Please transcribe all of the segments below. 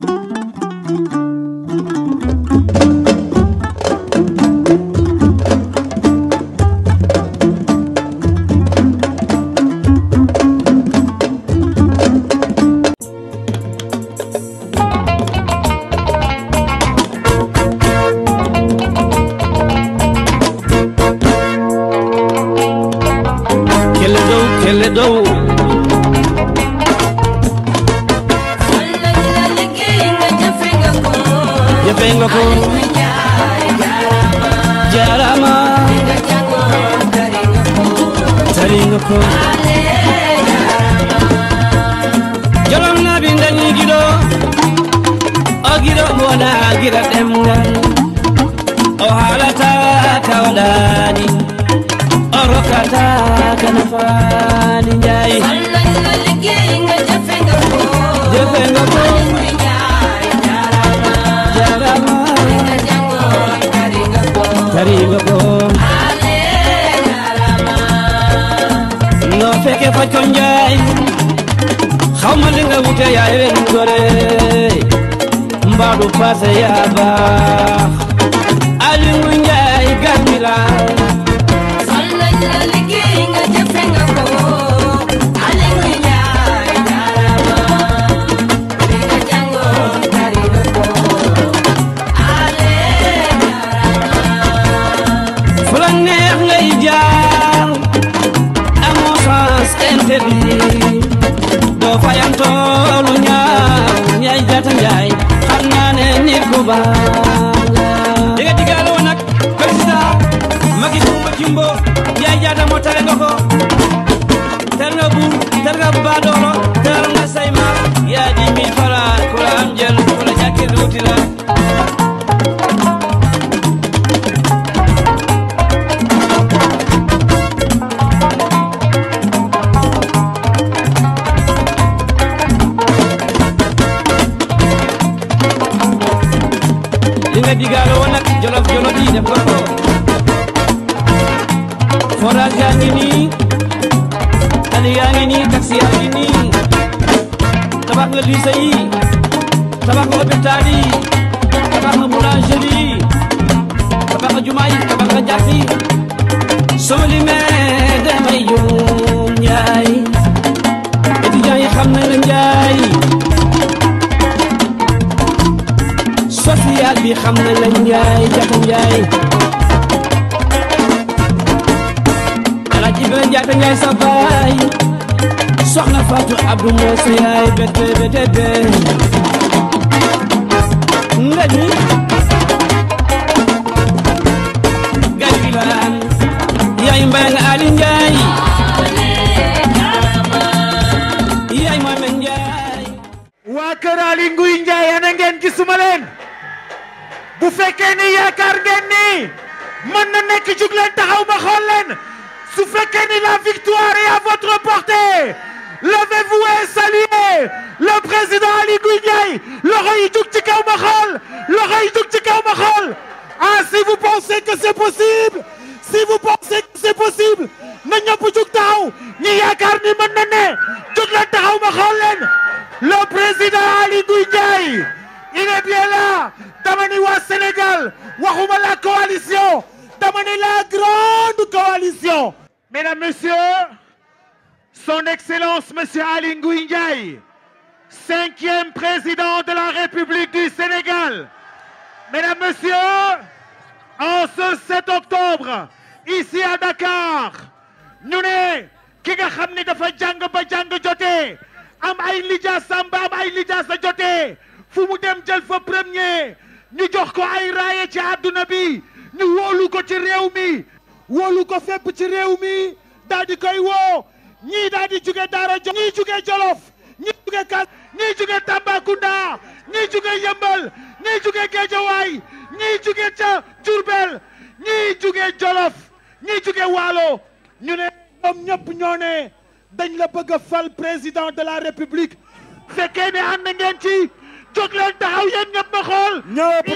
Thank you. Tengoku Jarama Taringoku Jalam na binda nyigido Ogiro mwana gira demwan Ohalata kawadani Orokata kanafani njai Sallallahu alaihi wa sallam Jefengoku oh. Jefengoku oh. Mbàkke fa cooñ jaay xaw ma li nga wute yaay wen gore a du paase yaa baax Aliou Ndiaye gàmmi laa Ya yayada motale nga ko ter nga buur ter nga badoolo nga say di mi fala ku am jël ku la ñàkkil wuti la Jolof jolof def na lycée yi tabax na hôpital tabax na boulangerie yi tabax na jumaa tabax na jàkk yi soo limee damay juum njaay étudiants yi xam na la njaay social bi xam na la njaay jaata njaay alaaji bi la jaata njaay sa baay soxna Fatou Abdou Moussa yaay bete bete bee nga ni gariban yaay mbay nga Ali Ndiaye yaay Mohamed Ndiaye waa kër Ali Nguy Ndiaye ana ngeen bu fekkee ni yaakaar ngeen ni mën na nekk taxaw ma xool Soufflez la victoire est à votre portée levez-vous et saluez le président Ali Ngouille le du yi jug le kaw ah si vous pensez que c'est possible si vous pensez que c'est possible ñëpp ñi ni le président Ali Ngouille il est bien là Tamaniwa Sénégal waxuma la coalition Tamani la grande coalition Mesdames, Messieurs, Son Excellence Monsieur Alingou Ndiaye, cinquième président de la République du Sénégal. Mesdames, Messieurs, en ce 7 octobre, ici à Dakar, nous ne ki nga xam dafa ba jàng jotee am ay lijaasam samba am ay lijaasa jotee fu mu dem jël fa premier ñu jox ko ay raaye ci àdduna bi ñu wolu ko ci réew mi wóolu ko fépp ci réew mi daal di koy woo ñii daal di jóge Daara Jolof ñii jóge Jolof ñii jóge Kas ñii jóge Tambacounda ñii jóge Yëmbal ñii jóge Géejawaay ñii jóge ca Jurbel ñii jóge Jolof ñii jóge Waalo ñu ne ñoom ñëpp ñoo ne dañ la bëgg a fal président de la République fekkee ne ànd ngeen ci jóg leen taxaw yéen ñëpp ma xool ñëpp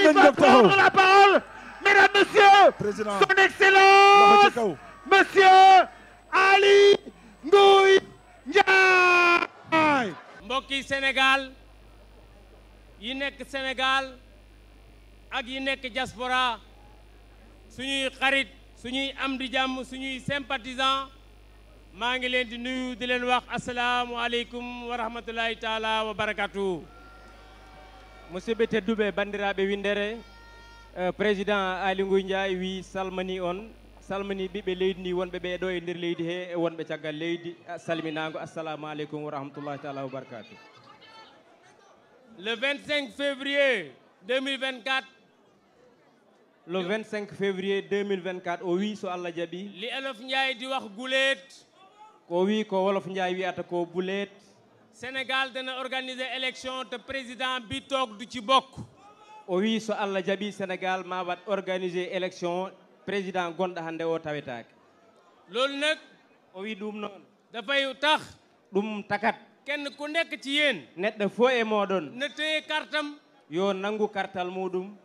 dañ la parole mesdames, messieurs, Président. son excellence, monsieur Ali Ngouille Ndiaye. mbokki Sénégal yi nekk Sénégal ak yi nekk diaspora suñuy xarit suñuy am di jàmm suñuy sympathisant maa ngi leen di nuyu di leen wax asalaamualeykum aleykum rahmatulahi taala wa barakatu musidɓe tedduɓe bandiraɓe windere Euh, président aly ngouille ndiaye wi salmini on salmini bibe leydi wonbe be do e nder leydi he e wonbe caggal leydi salminango assalamu aleykum wa rahmatullahi taala barakatuh. le 25 février 2024 le 25 février 2024 o wi so allah jabi, li elof ndiaye di wax guleet ko oh wi ko wolof ndiaye wiyata ko buleet sénégal dana organiser élection te président bi tok du ci bokk o wi so allah Jabi sénégal ma wat organiser élection président Gonda Hande o tawetake loolu nak o wi non. Da fay tax dum takat kenn ku nek ci yéen neɗɗo fo e moɗon ne teye kartam yo nangu kartal muɗum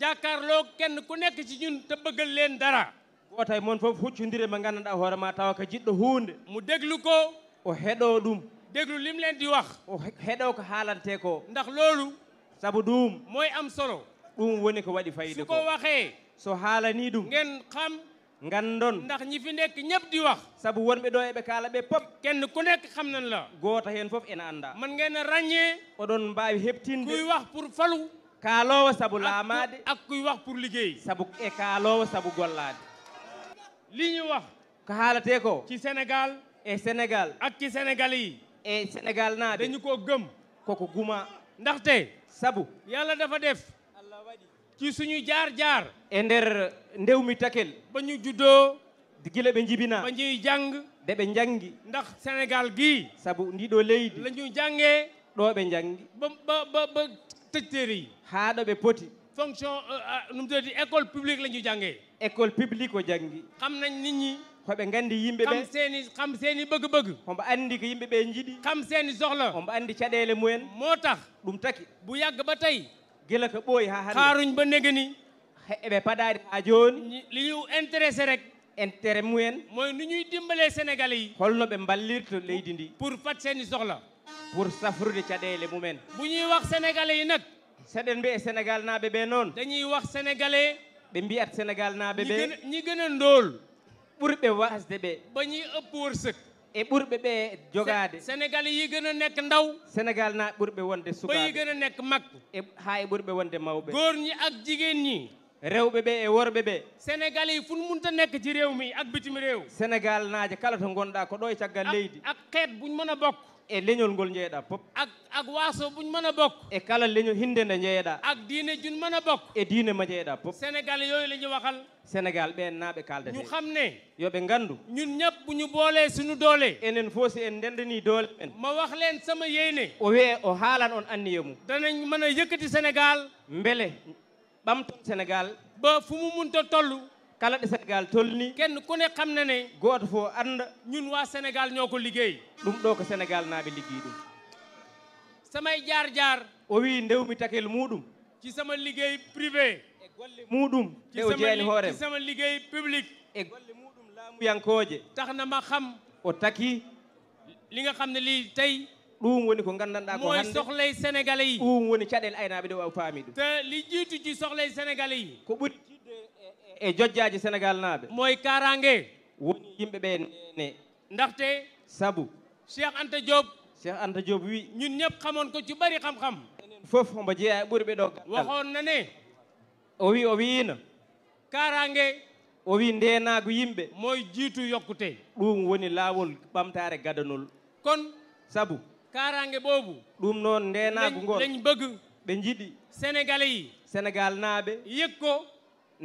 jàkkaarloo kenn ku nek ci ñun te bëggal leen dara mon fofu fof huccondire mo nganndanɗaa hoore ma tawa ko jiɗɗo mu deglu ko o heɗoo dum. Deglu lim leen di wax o hedo ko halante ko ndax loolu sabu Dum moy am solo ɗum woni ko waɗi fayida ko waxe so haalani ɗum ngen xam ngandon ndax ñi fi nekk ñëpp di wax sabu wonɓe ɗo be kala be pop kenn ku nekk xam nan la goota hen foof ene anda man ngeen ràññee oɗon mbaawi heɓtinde kuy wax pour falu kaalowo sabu laamaade ak kuy wax pour liggéey sabu e kaalowo sabu gollaade li ñu wax ko haalate ko ci sénégal e sénégal ak ci sénégal e sénégal na dañu koo gëm koko guma sabu yàlla dafa def ci suñu jaar-jaar e nder ndewmi takel ba ñu juddoo gila ɓe jibina ba de ɓe jàngi ndax sénégal gii sabu ndi ɗo leydi la ñu jàngee ɗo ɓe ba ba ba tëj téere yi haa poti fonction euh, euh, nu mu école publique la ñu école publique o jàngi xam nit hoɓe nganndi yimɓe ɓe kam seeni kam seeni bëgg bëgg hombo anndi ko yimɓe ɓe njiɗi kam seeni soxla hombo anndi caɗeele mumen moo tax ɗum taki bu yàgg ba tey gila ko ɓooyi haa hannde xaaruñ ba nege ni eɓe e paɗaade haa jooni li ñu intéressé rek intérêt mumen mooy nu ñuy sénégalais yi holno be mballirto leydi ndi pour fat seeni soxla pour safrude caɗeele mumen bu ñuy wax sénégalais yi nag seɗen mbiye sénégal naaɓe ɓee noon dañuy wax sénégalais ɓe mbiyat sénégal ñi ɓurɓe wasde ɓe ba ñi ëpp wërsëg e ɓurɓe ɓe jogaade sénégal yi gën a nekk ndaw sénégal naa ɓurɓe wonde suba yi gën a nekk mag e haa e ɓurɓe wonde mawɓe góor ñi ak jigéen ñi rewɓe ɓe e worɓe ɓe sénégal yi fun munta nekk ji rew mi ak bitim rew sénégal naaje kala to gonɗa ko ɗo e caggal leydi ak xeet buñ mëna bokk e leñol ngol jeeyɗa pop ak ak waaso buñ mëna bokk e kala leño hinde nde jeeyɗa ak diine jun mëna bokk e diine ma jeeyɗa pop sénégal yooyu la ñu waxal sénégal ɓen naaɓe kaalde ñu xam ne yooɓe ngandu ñun ñëpp bu ñu boolee sunu doole enen foosi en ndendanii doole men ma wax leen sama yeyne o wee o haalan on anniye mum danañ mën a yëkkati sénégal mbele ɓamton sénégal ba fu mu munta toll kala ɗo sénégal tolni kenn ku ne xam ne ne gooto fo anda ñun waa sénégal ñoo ko liggéey ɗum ɗo ko sénégal naaɓe liggéey ɗum samay jaar jaar o wi ndewmi takel muɗum ci sama liggéey privé e golle muɗum e o jeeni hoorem sama liggéey public e golle muɗum laamuyankooje tax na ma xam o taki li nga xam ne lii tey ɗum woni ko gandanɗa moy sohlay sénégalais yi ɗum woni caɗele aynaɓe ɗe waw faami ɗum te li jiitu ci sohlay sénégalais yi ko ɓurtide e jojjaji sénégal naɓe moy karange woni yimɓeɓe ne ndaxte saabu cheikh anta diob cheikh anta diob wi ñun ñëpp xamon ko ci bari xam-xam foof omba jeeya e ɓuri ɓe ɗo waxon na ne o wi o wiina karange o wi ndenagu yimɓe moy jiitu yokkute ɗum woni lawol ɓamtare gadanol kon saabu karange boobu ɗum noon ndenagu ngol leñ bëgg ɓe jiɗi sénégalais yi sénégal naaɓe yëkko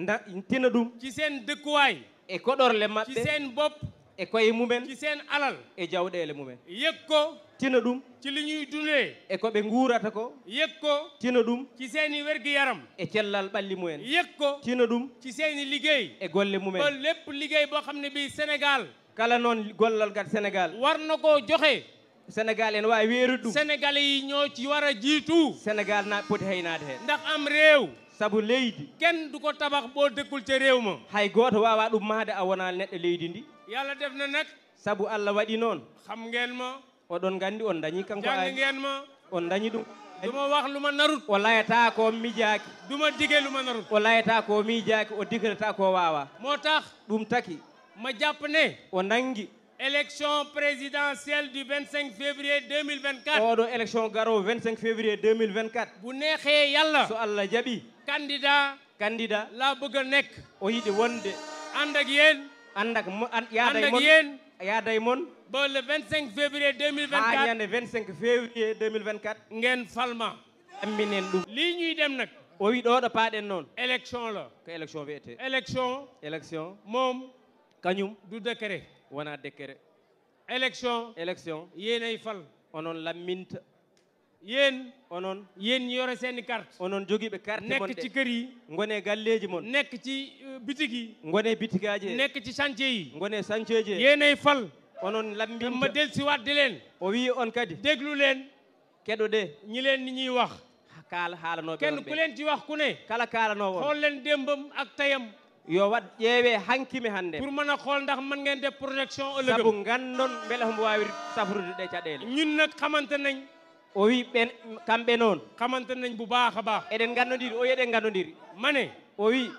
nda tina ɗum ci seen dëkkuwaay e koɗorle maɓɓe ci seen bopp e koye mumen ci seen alal e jawɗele mumen yëkko tina ɗum ci li ñuy dundee e ko ɓe guurata ko yëkko tina ɗum ci seen i wergi yaram e cellal ɓalli mumen yëkko tina ɗum ci seen i liggéey e golle mumen lépp liggéey boo xam ne bii sénégal kala noon gollal gat sénégal warna koo joxee sénégal en wawi weerude ɗum sénégal ñooci wara jiitu sénégal na poti haynade heen ndax am réew saabu leydi kenn duko tabax bo dékkul ce réew ma hay gooto wawa ɗum maade a wonal neɗɗo leydi ndi yallah def na nag saabu allah waɗi noon xam ngeen ma oɗon gandi on dañi kankoaangi ngeen ma on dañi ɗum duma wax lu ma narut o layata ko mijaaki duma dige lu ma narut o layata ko mijaaki o digrata ko wawa moo tax ɗum taki ma jàpp ne o nangi élection présidentielle du 25 février 2024 oɗo élection garo 25 février 2024 bu neexee yàlla so allah jaɓi candidat candidat La bëgg Oui de o Andagien. wonde ànd ak yéen ànd ak yaada ak yéen y moon le 25 février 2024 ha ñande 25 février 2024 ngeen falma amminen ɗum lii ñuy dem nag o wi ɗo ɗo paaɗen noon élection la ko élection wiyete élection élection moom kañum du décret wona dekkere élection élection yeenay fal onon lamminta yeen onon yeen yore seeni carte onon jogiiɓe carte nekk ci kër yi gone galleji moon nekk ci euh, bitigue yi gone bitigue aji nekk ci chantier yi gone chantier ji yeenay fal onon lamminma delsi wadde leen o wi on kadi déglu leen keɗo ɗe ñileen ni ñuy wax kaal haalanoɓe kenn ku leen ci wax ku ne kala kaalanowo hol leen démbam ak tayam yo wat ƴeewee hankimi hannde pour mana xool ndax man ngeen def protection ëllëg sabu nganndon mbele ko mbo waawi safrude ɗe caɗeele ñun nag xamante nañ o wii ɓen kamɓe noon xamante nañ bu baax a baax eɗen nganndondiri o yeeɗen nganndondiri mane o wii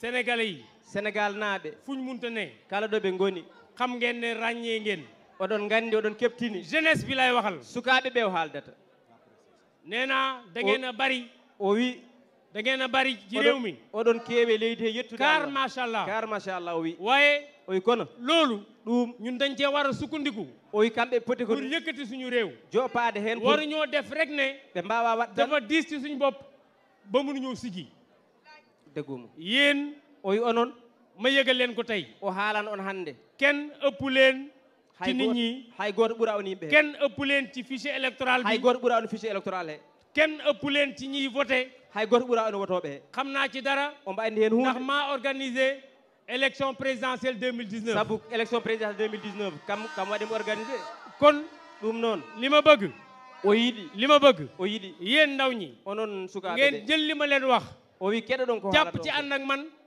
sénégalais yi sénégal naaɓe fuñ munta ne kala ɗo ɓe ngoni xam ngeen ne ràññee ngeen oɗon nganndi oɗon keɓtini jeunesse bi lay waxal sukaaɓe ɓe o haaldata nee naa da ngeen a bari o wii da ngena bari ji rewmi odon kewe leydi he yettude kar machallah kar machallah o wi waye oy kono lolu ɗum ñun dañte waro sukkundiku oy kamɓe poti ko pour yëkkati suñu rew jopade hen waruño def rek ne ɓe mbawa wat dafa disti suñu bopp ba munu ñoo sigi degumu yen oy onon ma yëgal len ko tay o haalan on hande ken ëppu len ci nit ñi hay goto ɓura on yimɓe ken ëppu len ci fichier électoral bi hay goto ɓura on fichier électoral he ken ëppu len ci ñi voté hay goto ɓuura eno wotoɓe he xam ci dara omo andi hen hunde ndax ma organisé élection présidentielle 2019 saabu élection présidentielle 2019 kam kam waɗimo organisé kon ɗum noon lima bëgg o yiɗi lima bëgg o yiɗi yéen ndaw ñi onon sukaɓe ngeen jël lima leen wax o wi keɗo ɗon ko jàpp ci ànd ak man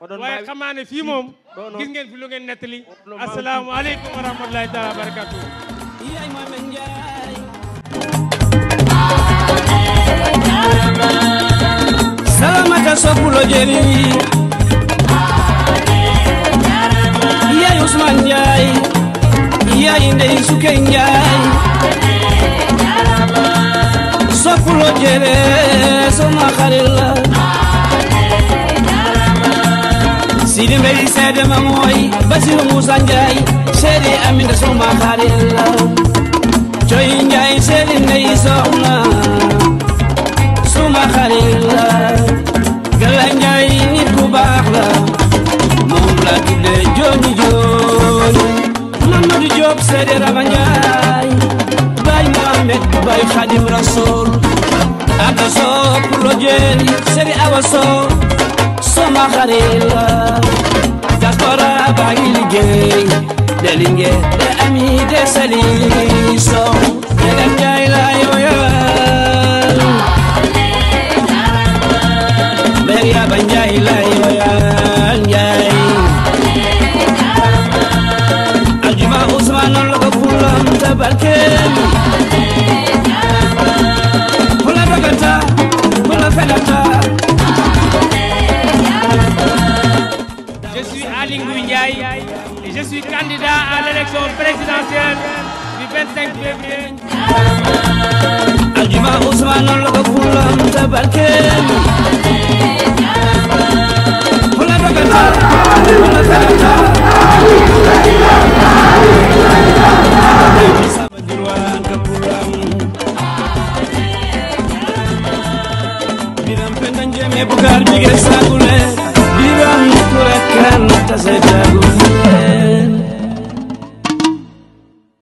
waaye xamaa ne fii moom gis ngeen fi lu ngeen nettali asalaamaaleykum wa rahmatulahi taala wa barakatuh salamata soppulo jeni yaay usman njaay yaay ndey suke njaay soppulo jene sama xarit سيدي مي سيدي مموي بزيرو موسان جاي سيدي امين دسو ما خاري الله جوين جاي سيدي ني سونا سو ما خاري الله قلن جاي نيكو باخلا مملا كده جون جون محمد جوب سيدي رابان جاي باي محمد باي خادم رسول اتصو كله جاي سيدي اوصو سو ما خاري الله دلنگه به امید barkeem wala dogata wala sarata sama jirwaan ka puram biram pendan jeme bugar bigre sagu